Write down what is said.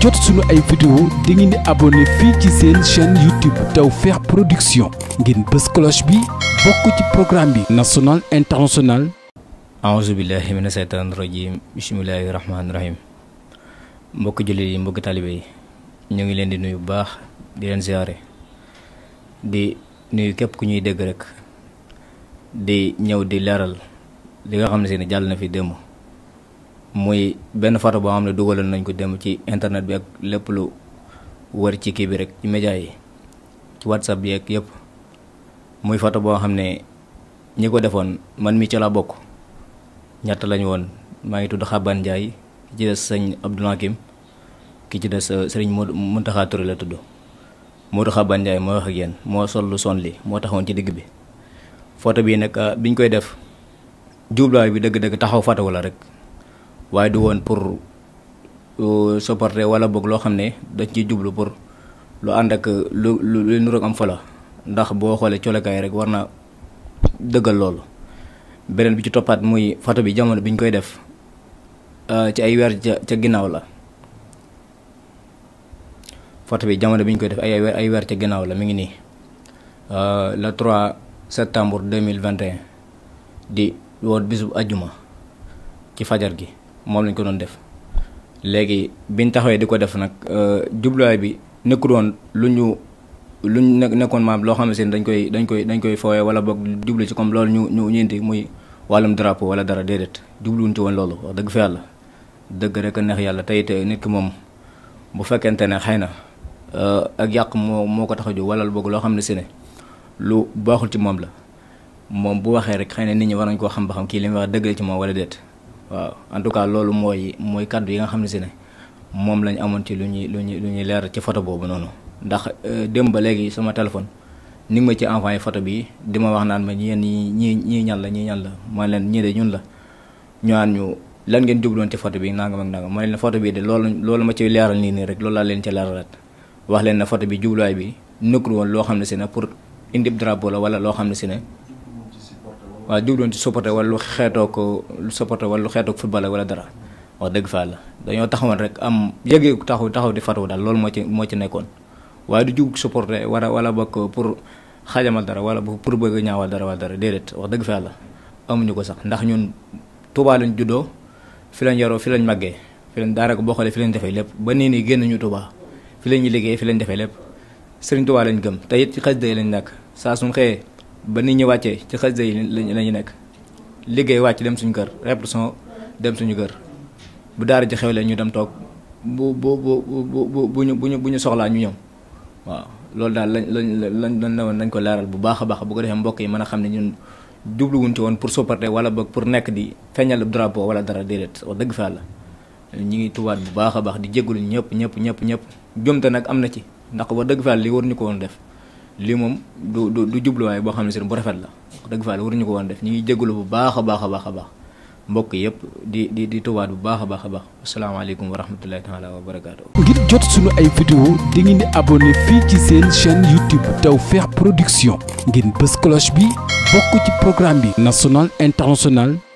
jot suñu ay vidéo da di abonné fii ci seen chaîne YouTube Tawfekh Production ngir bës cloche bi bokk ci programme bi national international aouzu billahi mina seytaani rajim bismillahi rahmaani rahim mbokki jullit yi mbokki talibe yi ñoo ngi leen di nuyu bu baax di leen ziare di nuyu képp ku ñuy dégg rek di ñëw di leeral li nga xam ne si ne jàll na fi démb muy benn fato boo xam ne dugaloon nañ ko dem ci internet bi ak lépp lu wër ci kii bi rek ci média yi ci whatsapp bi ak yëpp mooy photo boo xam ne ñi ko defoon man mi ci laa bokk ñett lañu woon maa ngi tudd Xaban Ndiaye ki ci des sëñ Abdou Hakim ki ci des euh, sëriñ Mountakha Touré la tudd Modou Xaban Ndiaye moo wax ak moo sol lu son li moo taxawoon ci digg bi photo bii nag euh, biñ koy def jubluwaay bi dëgg-dëgg taxaw fatawu la rek. waaye du woon pour euh, supporter wala boog loo xam ne dañ ciy jublu pour lu ànd ak lu lu lu nuroog am fala ndax boo xoolee colekaay rek war na dëggal loolu beneen bi ci toppaat muy photo bi jamono bi ñu koy def euh, ci ay weer ca ginnaaw la photo bi jamono bi koy def ay ay weer ca la mi ngi nii euh, le 3 septembre 2021 di woon bisub ajjuma ci fajar gi moom lañ ko doon def léegi ñu taxawee di ko def nag euh, jubluwaay bi nekkul woon lu ñu lu ñu nekkoon maam loo xamante ne dañ koy dañ koy dañ koy foowee wala boog jublu ci comme loolu ñu ñu ñeenti muy wàllum drapeau wala dara déedéet jubluwuñ ci woon loolu wax dëgg fa yàlla dëgg rek a neex yàlla tey te nit ki moom bu fekkente ne xëy na euh, ak yàq moo moo ko tax a jóg wala boog loo xam ne si ne lu baaxul ci moom la moom bu waxee rek xëy na nit ñi war nañ ko xam ba xam kii li muy wax dëgg la ci moom wala déet. waaw en tout cas loolu mooy mooy kàddu yi nga xam ne si ne moom lañu amoon ci lu ñuy lu ñuy lu ñuy leer ci photo boobu noonu ndax euh, démb ba léegi sama téléphone ni nga ma ci envoyé foto bi di ma wax naan ma ñeen ñi ñii ñii ñan la ñii ñan la ma leen ñii de ñun la ñaan ñu lan ngeen jubloon ci photo bi nangam ak nangam ma leen photo bi de loolu loolu ma ci leeral nii nii rek loolu laa leen ci leeralaat wax leen na photo bi jubluwaay bi nëkkul woon loo xam ne si ne pour indi drapeau la wala loo xam ne si ne waaw diw doon ci supporter wala lu xeetoo ko lu supporter wala lu xeetoo ko football wala dara wax dëgg fa la dañoo taxawoon rek am yëgeeku taxaw taxaw di fatawu daal loolu moo ci moo ci nekkoon waaye du jug supporter wala wala ko pour xajamal dara wala pour bëgg ñaawal dara wala dara déedéet wax dëgg fa la amuñu ko sax ndax ñun Touba lañ juddoo fi lañ yaroo fi lañ màggee fi lañ daara ko boo xoolee fi lañ defee lépp ba nii nii génn ñu Touba fi lañ ñu liggéey fi lañ defee lépp Serigne Touba lañ gëm te it ci ba nit ñi wàccee ci xasida yi la ñu nekk liggéey wàcc dem suñu kër répression dem suñu kër bu daara ji xewlee ñu dem toog bu bu bu bu bu ñu bu bu ñu soxlaa ñu ñëw waaw loolu daal lañ lañ lañ lañ nañ ko laaral bu baax a baax bu ko defee mbokk yi mën a xam ne ñun jubluwuñ ci woon pour supporter wala boog pour nekk di feeñal drapeau wala dara déedéet wax dëgg fa yàlla ñu ngi tubaat bu baax a baax di jégalu ñëpp ñëpp ñëpp ñëpp jomte nag am na ci ndax wax dëgg fa yàlla li war ñu ko woon def. lii moom du du jubluwaay boo xam ne si bu rafet la dëgg dëgg fa la ñu ko woon def ñu ngi jégalu bu baax a baax a baax a baax mbokk yëpp di di di tubaat bu baax a baax a baax asalaamaaleykum wa rahmatulahi taala wa barakaatu. ngir jot suñu ay vidéo di ngeen di abonné fii ci seen chaîne YouTube feex Production ngir bës cloche bi bokk ci programme bi national international.